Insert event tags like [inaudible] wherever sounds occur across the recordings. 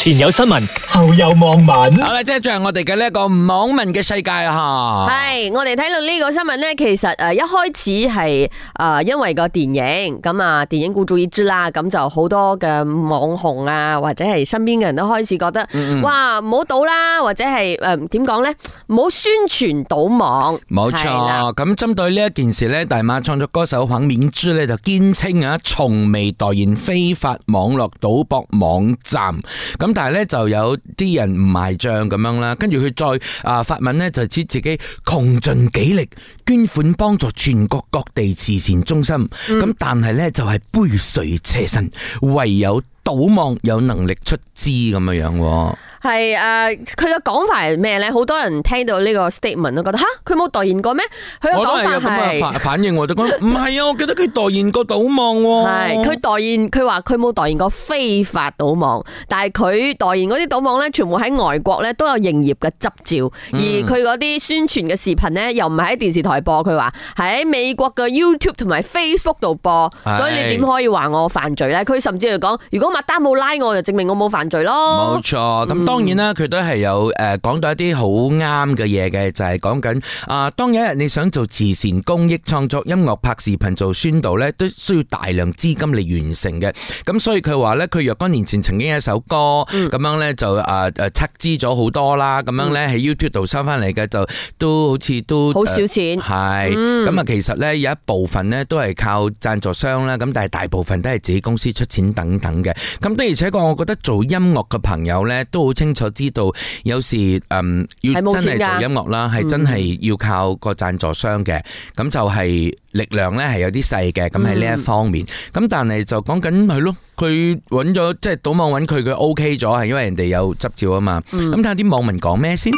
前有新聞，後有網民。好啦，即係進入我哋嘅呢個網民嘅世界，係我哋睇到呢個新聞呢，其實一開始係因為個電影 [laughs] 咁但係咧就有啲人唔賣帳咁樣啦，跟住佢再啊發文呢，就指自己窮盡己力捐款幫助全國各地慈善中心，咁但係呢，就係杯水車薪，唯有賭網有能力出資咁嘅樣喎係誒，佢嘅講法係咩咧？好多人聽到呢個 statement 都覺得吓，佢冇代言過咩？佢嘅講法係反反應，唔係啊！我記得佢代言過賭網。係佢代言，佢話佢冇代言過非法賭網，但係佢代言嗰啲賭網咧，全部喺外國咧都有營業嘅執照，而佢嗰啲宣傳嘅視頻咧，又唔係喺電視台播，佢話喺美國嘅 YouTube 同埋 Facebook 度播，所以你點可以話我犯罪咧？佢甚至係講，如果麥丹冇拉我就證明我冇犯罪咯。冇錯，咁當。當然啦，佢都係有誒講到一啲好啱嘅嘢嘅，就係講緊啊，當有一日你想做慈善公益、創作音樂、拍視頻做宣導咧，都需要大量資金嚟完成嘅。咁所以佢話咧，佢若干年前曾經一首歌咁、嗯、樣咧就啊誒，籌資咗好多啦，咁樣咧喺、嗯、YouTube 度收翻嚟嘅就都好似都好少錢。係咁啊，嗯、其實咧有一部分咧都係靠贊助商啦，咁但係大部分都係自己公司出錢等等嘅。咁的而且確，我覺得做音樂嘅朋友咧都好。清楚知道，有時誒、嗯、要真係做音樂啦，係真係要靠個贊助商嘅，咁、嗯、就係力量咧係有啲細嘅，咁喺呢一方面，咁但係就講緊係咯，佢揾咗即係賭網揾佢，佢 OK 咗，係因為人哋有執照啊嘛，咁睇下啲網民講咩先。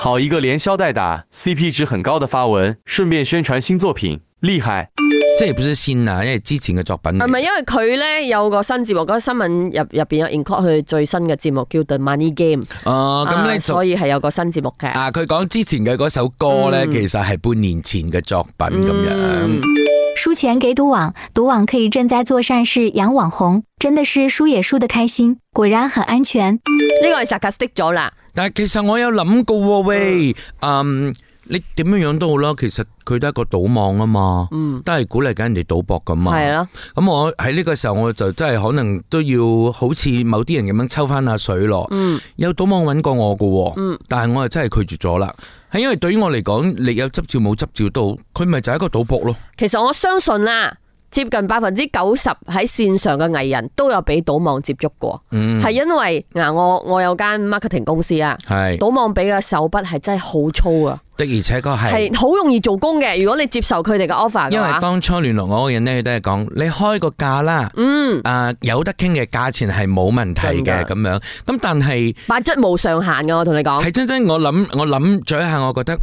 好一個連消帶打，CP 值很高的發文，順便宣傳新作品。厲害，即係也不是啊，因為是之前嘅作品。係咪因為佢咧有個新節目？嗰、那個新聞入入邊有 include 佢最新嘅節目，叫《The Money Game》呃。哦，咁你所以係有個新節目嘅。啊，佢講、啊、之前嘅嗰首歌咧、嗯，其實係半年前嘅作品咁樣。輸、嗯、錢、嗯、給賭網，賭網可以正在做善事，養網紅，真的是輸也輸得開心。果然很安全。呢、這個係 sarcastic 咗啦。但係其實我有諗過喎、哦，喂，嗯。你點樣樣都好啦，其實佢都係一個賭網啊嘛，嗯、都係鼓勵緊人哋賭博噶嘛。係咯，咁我喺呢個時候我就真係可能都要好似某啲人咁樣抽翻下水咯、嗯。有賭網揾過我嘅、嗯，但係我又真係拒絕咗啦。係因為對於我嚟講，你有執照冇執照都好，佢咪就係一個賭博咯。其實我相信啦。接近百分之九十喺線上嘅藝人都有俾賭網接觸過，嗯，係因為嗱，我我有間 marketing 公司啊，賭網俾嘅手筆係真係好粗啊，的而且確係係好容易做工嘅，如果你接受佢哋嘅 offer，的話因為當初聯絡我嘅人咧，都係講你開個價啦，嗯，啊有得傾嘅價錢係冇問題嘅咁樣，咁但係，budget 冇上限㗎，我同你講，係真真我諗，我諗我諗咗一下，我覺得。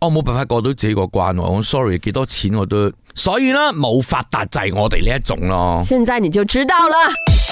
我冇辦法過到自己個關，我 sorry，幾多錢我都，所以呢冇發達就係我哋呢一種咯。現在你就知道啦。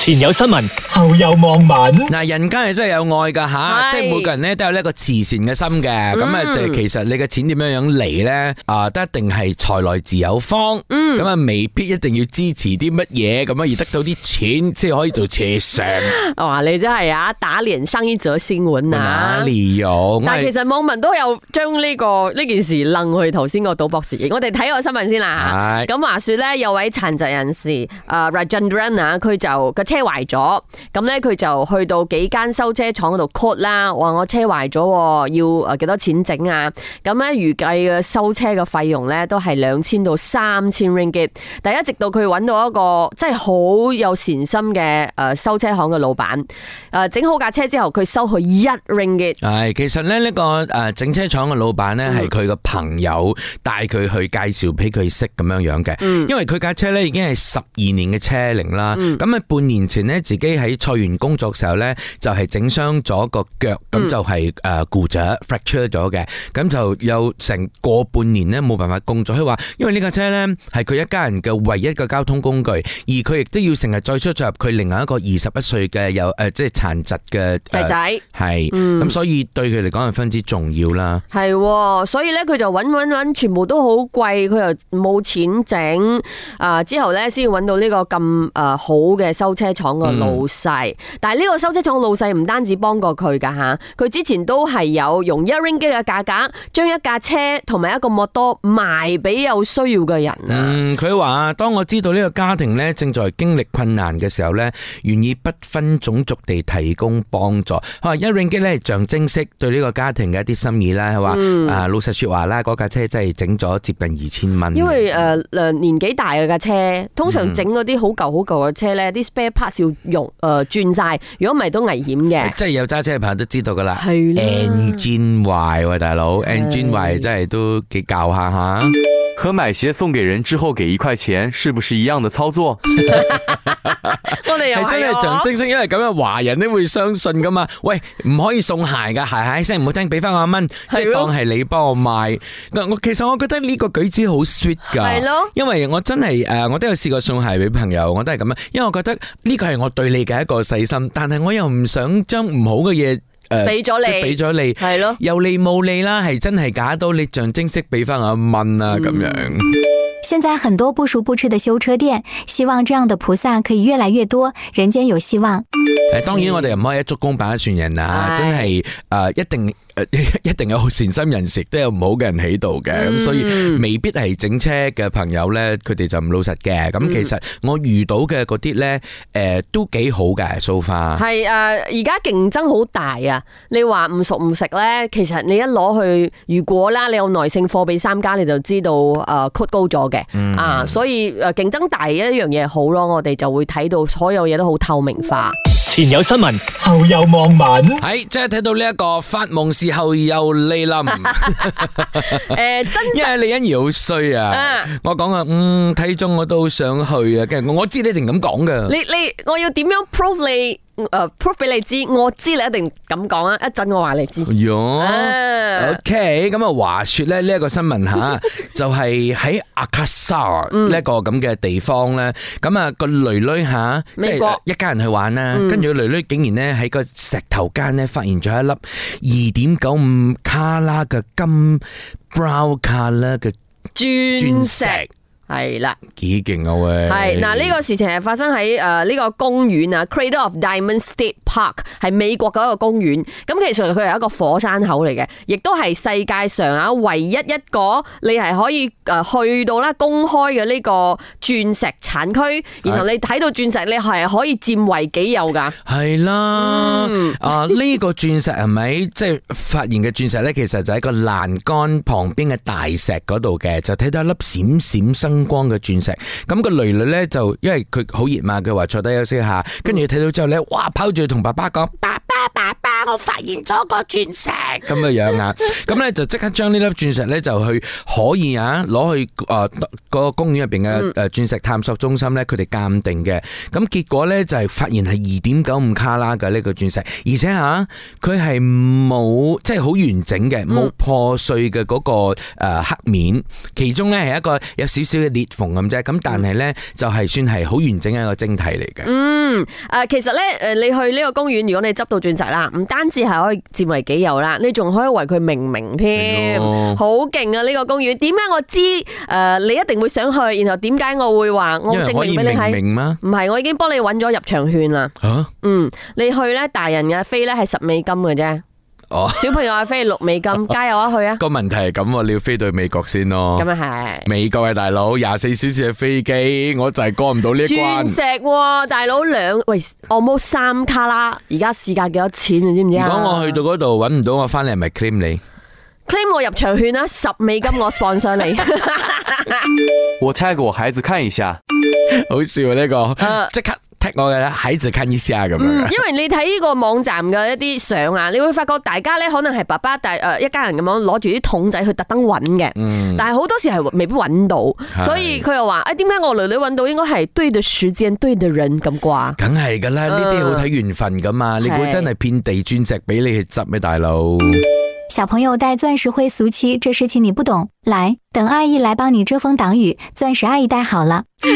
前有新聞，後有網民。嗱，人間係真係有愛噶吓，即係每個人咧都有呢個慈善嘅心嘅。咁、嗯、啊，就其實你嘅錢點樣樣嚟咧？啊，都一定係財來自有方。咁、嗯、啊，未必一定要支持啲乜嘢，咁啊，而得到啲錢，即係可以做慈善。我 [laughs] 話你真係啊，打臉生意者先聞啊，利用。但係其實網民都有將呢、這個呢件事楞去頭先個賭博事件。我哋睇個新聞先啦。係。咁話說咧，有位殘疾人士，阿 Rajendra 啊，佢就車壞咗，咁咧佢就去到幾間修車廠嗰度 cut 啦，話我車壞咗，要誒幾多錢整啊？咁咧預計嘅修車嘅費用咧都係兩千到三千 ringgit，但一直到佢搵到一個真係好有善心嘅，誒修車行嘅老闆，誒整好架車之後，佢收佢一 ringgit。係，其實咧呢個誒整車廠嘅老闆咧係佢個朋友帶佢去介紹俾佢識咁樣樣嘅，因為佢架車咧已經係十二年嘅車齡啦，咁、嗯、啊半年。前咧自己喺菜園工作時候咧，嗯、就係整傷咗個腳，咁就係誒骨折 fracture 咗嘅，咁就有成個半年咧冇辦法工作。佢話因為呢架車咧係佢一家人嘅唯一嘅交通工具，而佢亦都要成日再出入佢另外一個二十一歲嘅有誒、呃、即係殘疾嘅仔仔係，咁、呃、所以對佢嚟講係分之重要啦、嗯。係、哦，所以咧佢就揾揾揾，全部都好貴，佢又冇錢整啊、呃，之後咧先揾到呢個咁誒、呃、好嘅修車。廠、嗯、老細，但係呢個修車廠個老細唔單止幫過佢噶吓，佢之前都係有用一令吉嘅價格將一架車同埋一個摩托賣俾有需要嘅人啦、啊。嗯，佢話當我知道呢個家庭咧正在經歷困難嘅時候咧，願意不分種族地提供幫助。一令吉咧象徵式對呢個家庭嘅一啲心意啦。佢話、嗯、啊老實說話啦，嗰架車真係整咗接近二千蚊。因為誒、呃、年年紀大嘅架車，通常整嗰啲好舊好舊嘅車咧，啲、嗯把條肉誒轉晒，如果唔係都危險嘅。即係有揸車嘅朋友都知道噶啦。係 engine 壞喎，大佬 engine 壞真係都幾搞下下。和買鞋送給人之後給一塊錢，是不是一樣的操作？ [laughs] [laughs] 我我的真係象徵性因為咁樣，華人都會相信噶嘛？喂，唔可以送鞋噶，鞋鞋一聲唔好聽，俾翻我一蚊，即係當係你幫我賣。我其實我覺得呢個舉止好 sweet 噶，係咯。因為我真係誒，我都有試過送鞋俾朋友，我都係咁樣，因為我覺得。呢個係我對你嘅一個細心，但係我又唔想將唔好嘅嘢誒俾咗你，即係俾咗你，係咯，有利無利啦，係真係假到你象徵式俾翻阿文啊咁、嗯、樣。現在很多不熟不吃的修車店，希望這樣的菩薩可以越來越多，人間有希望。誒、嗯，當然我哋又唔可以一竹篙打一船人啊，真係誒、呃、一定。一定有善心人士，都有唔好嘅人喺度嘅，咁、嗯、所以未必係整車嘅朋友呢，佢哋就唔老實嘅。咁、嗯、其實我遇到嘅嗰啲呢，誒、呃、都幾好嘅。so far 係誒，而家競爭好大啊！大你話唔熟唔食呢，其實你一攞去，如果啦，你有耐性貨比三家，你就知道誒 cut、呃、高咗嘅、嗯。啊，所以誒競爭大一樣嘢好咯，我哋就會睇到所有嘢都好透明化。前有新聞，後有網民，喺、哎、即係睇到呢、這、一個發夢時候又嚟臨，誒，真係李欣怡好衰啊，啊！我講啊，嗯，睇中我都想去啊，跟住我知道你一定咁講噶，你你我要點樣 prove 你？誒 p r o 俾你知，我知你一定咁講啊！一陣我話你知。喲、yeah,，OK，咁、嗯、啊，話說咧呢一個新聞吓， [laughs] 就係喺阿卡薩呢一個咁嘅地方咧，咁、嗯、啊、那個女女吓、嗯，即係一家人去玩啦，跟住個女女竟然咧喺個石頭間咧發現咗一粒二點九五卡拉嘅金 b r o w 卡拉嘅鑽石。鑽石。係啦，幾勁啊喂！係嗱，呢個事情係發生喺誒呢個公園啊 Crater of Diamonds State Park 係美國嘅一個公園。咁其實佢係一個火山口嚟嘅，亦都係世界上啊唯一一個你係可以誒去到啦公開嘅呢個鑽石產區，然後你睇到鑽石，你係可以佔為己有噶。係啦，啊、嗯、呢、呃、 [laughs] 個鑽石係咪即係發現嘅鑽石咧？其實就喺個欄杆旁邊嘅大石嗰度嘅，就睇到一粒閃閃生燈光嘅鑽石，咁個囡囡咧就因為佢好熱嘛，佢話坐低休息下，跟住睇到之後咧，哇跑住同爸爸講。我發現咗個鑽石咁嘅樣啊！咁 [laughs] 咧就即刻將呢粒鑽石咧就去可以啊，攞去誒個公園入邊嘅誒鑽石探索中心咧，佢哋鑑定嘅。咁結果咧就係發現係二點九五卡拉嘅呢個鑽石，而且吓佢係冇即係好完整嘅，冇破碎嘅嗰個誒黑面，嗯、其中咧係一個有少少嘅裂縫咁啫。咁但係咧就係算係好完整嘅一個晶體嚟嘅。誒、嗯呃，其實咧，誒、呃，你去呢個公園，如果你執到鑽石啦，唔單止係可以佔為己有啦，你仲可以為佢命名添，好勁啊！呢、這個公園，點解我知誒、呃，你一定會想去，然後點解我會話，我證明俾你睇？因為可以命名嗎？唔係，我已經幫你揾咗入場券啦。吓、啊，嗯，你去咧，大人嘅飛咧係十美金嘅啫。哦、oh，小朋友啊，飛六美金， [laughs] 加油啊，去啊！個問題係咁，你要飛到美國先咯。咁啊係，美國嘅、啊、大佬，廿四小時嘅飛機，我就係過唔到呢關。鑽石、啊，大佬兩喂，我冇三卡啦，而家市價幾多錢你、啊、知唔知啊？如果我去到嗰度揾唔到我回來，我翻嚟係咪 claim 你？claim 我入場券啦，十美金我放上嚟。我拆給我孩子看一下，好笑呢、啊這個，即刻。我嘅喺就 case 啊咁樣，因為你睇呢個網站嘅一啲相啊，你會發覺大家咧可能係爸爸帶誒、呃、一家人咁樣攞住啲桶仔去特登揾嘅，但係好多時係未必揾到，所以佢又話誒，點、哎、解我女女揾到應該係對的時間對的人咁啩？梗係噶啦，呢啲好睇緣分噶嘛，嗯、你估真係遍地鑽石俾你去執咩大佬？小朋友戴鑽石會俗氣，這事情你不懂。來，等阿姨來幫你遮風擋雨，鑽石阿姨戴好了。 [music] [laughs] [laughs]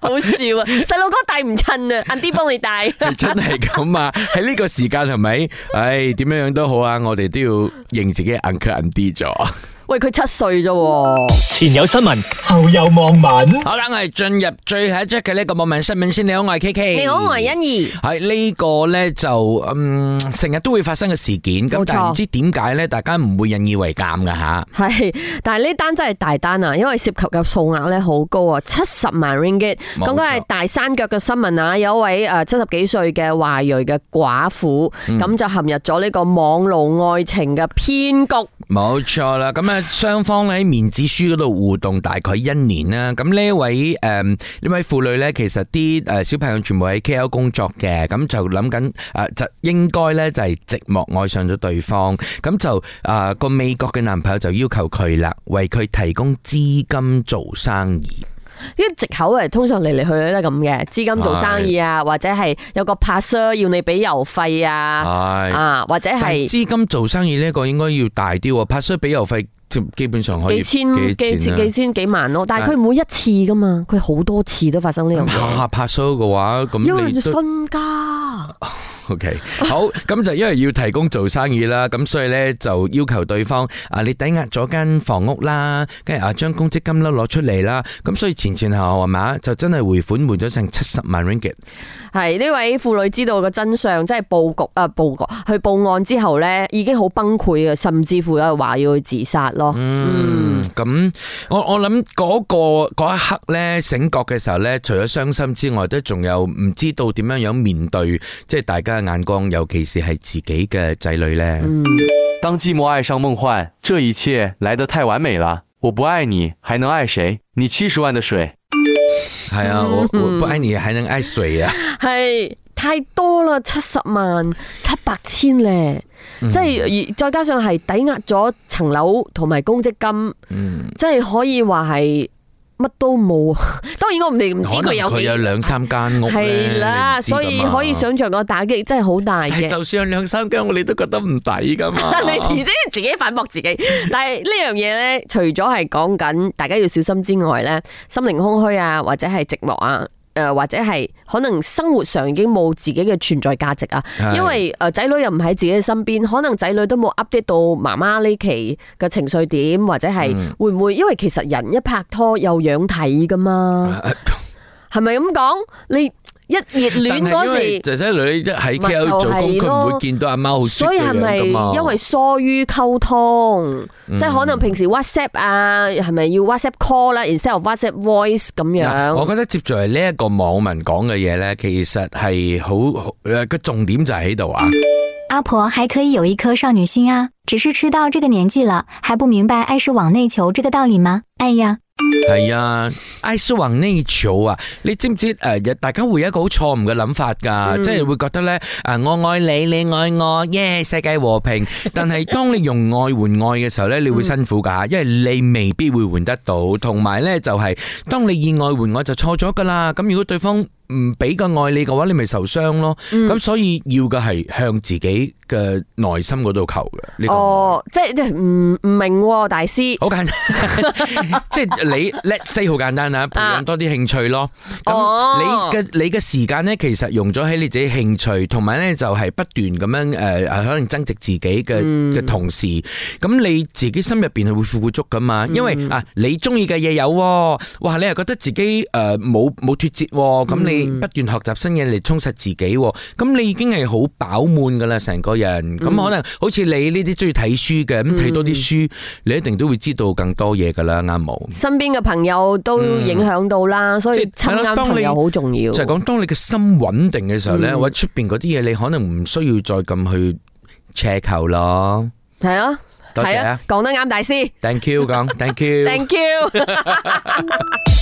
好笑啊，細路哥戴唔襯啊，阿 D 幫你戴 [laughs] 真係咁啊？喺呢個時間係咪？唉、哎，點樣樣都好啊，我哋都要認自己 uncle and D 咗。 [laughs] 喂，佢七歲啫。前有新聞，後有網民。好啦，我哋進入最後一出嘅呢個網民新聞先。你好，我係 KK。你好，我係欣宜。係呢個咧就嗯成日都會發生嘅事件咁，但係唔知點解咧，大家唔會引以為鑒噶吓。係，但係呢單真係大單啊，因為涉及嘅數額咧好高啊，七十萬 ringgit。咁講係大山腳嘅新聞啊，有一位誒七十幾歲嘅華裔嘅寡婦，咁就陷入咗呢個網路愛情嘅騙局。冇錯啦，咁啊。雙方喺面子書嗰度互動大概一年啦。咁呢位誒呢、嗯、位婦女呢，其實啲誒小朋友全部喺 K L 工作嘅，咁就諗緊誒就應該咧就係寂寞愛上咗對方，咁就誒個、呃、美國嘅男朋友就要求佢啦，為佢提供資金做生意。呢啲借口啊，通常嚟嚟去去都係咁嘅，資金做生意啊，是或者係有個 passer 要你俾郵費啊，係啊，或者係資金做生意呢一個應該要大啲喎，passer 俾郵費。即基本上可以幾千幾、啊、幾千、幾、千幾萬咯、啊，但係佢每一次㗎嘛，佢好多次都發生呢樣。下下拍 show 嘅話，咁因為身家。OK，好，咁就因為要提供做生意啦，咁所以咧就要求對方啊，你抵押咗間房屋啦，跟住啊將公積金咧攞出嚟啦，咁所以前前後後係嘛，就真係回款回咗成七十萬 ringgit。係呢位婦女知道個真相，即係報局啊，報局去報案之後咧，已經好崩潰嘅，甚至乎有話要去自殺咯。嗯，咁我我諗嗰個嗰一刻咧醒覺嘅時候咧，除咗傷心之外，都仲有唔知道點樣樣面對，即係大家。眼光，尤其是係自己嘅仔女呢、嗯、當寂寞愛上夢幻，這一切來得太完美了。我不愛你，還能愛誰？你七十萬的水，係、嗯、啊，我我不愛你，還能愛誰呀？係太多了，七十萬七八千呢、嗯。即係再加上係抵押咗層樓同埋公積金，嗯、即係可以話係。乜都冇啊，當然我哋唔知佢有。佢有兩三間屋。係啦，所以可以想象個打擊真係好大嘅。就算有兩三間屋，你都覺得唔抵噶嘛？ [laughs] 你自己反駁自己，但係呢樣嘢咧，除咗係講緊大家要小心之外咧，心靈空虛啊，或者係寂寞啊。誒，或者係可能生活上已經冇自己嘅存在價值啊，因為誒仔女又唔喺自己身邊，可能仔女都冇 update 到媽媽呢期嘅情緒點，或者係會唔會？因為其實人一拍拖又有樣睇噶嘛，係咪咁講你？一熱戀嗰時候，仔仔女一喺 KL 做工，佢、就、唔、是、會見到阿媽好疏，所以係咪因為疏於溝通？嗯、即係可能平時 WhatsApp 啊，係咪要 WhatsApp call 啦，instead of WhatsApp voice 咁、嗯、樣？我覺得接住嚟呢一個網民講嘅嘢咧，其實係好，誒，個重點就係喺度啊！阿婆還可以有一顆少女心啊，只是吃到這個年紀了，還不明白愛是往內求這個道理嗎？哎呀！係啊，Isu 和 Nicho 啊，nature，你知唔知誒？大家會有一個好錯誤嘅諗法噶，嗯、即係會覺得呢，誒，我愛你，你愛我，耶、yeah，世界和平。 [laughs] 但係當你用愛換愛嘅時候呢，你會辛苦噶，因為你未必會換得到，同埋呢，就係當你以愛換愛就錯咗噶啦。咁如果對方，唔俾個愛你嘅話，你咪受傷咯。咁所以要嘅係向自己嘅內心嗰度求嘅呢個。哦，即係唔唔明，大師。好簡單，即係你 let say 好簡單啊！培養多啲興趣咯。哦。你嘅你嘅時間咧，其實用咗喺你自己興趣，同埋咧就係不斷咁樣誒，可能增值自己嘅嘅同時，咁你自己心入邊係會富足噶嘛？因為啊，你中意嘅嘢有，哇！你係覺得自己誒冇冇脫節，咁你。不斷學習新嘢嚟充實自己，咁你已經係好飽滿噶啦，成個人咁可能好似你呢啲中意睇書嘅，咁睇多啲書，你一定都會知道更多嘢噶啦。啱冇？身邊嘅朋友都影響到啦，所以親近朋友好重要。就係講當你嘅心穩定嘅時候咧，或者出邊嗰啲嘢你可能唔需要再咁去奢求咯。係啊，多謝啊，講得啱，大師。Thank you，咁。Thank you。Thank you。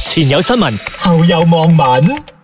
前有新聞，後有網民。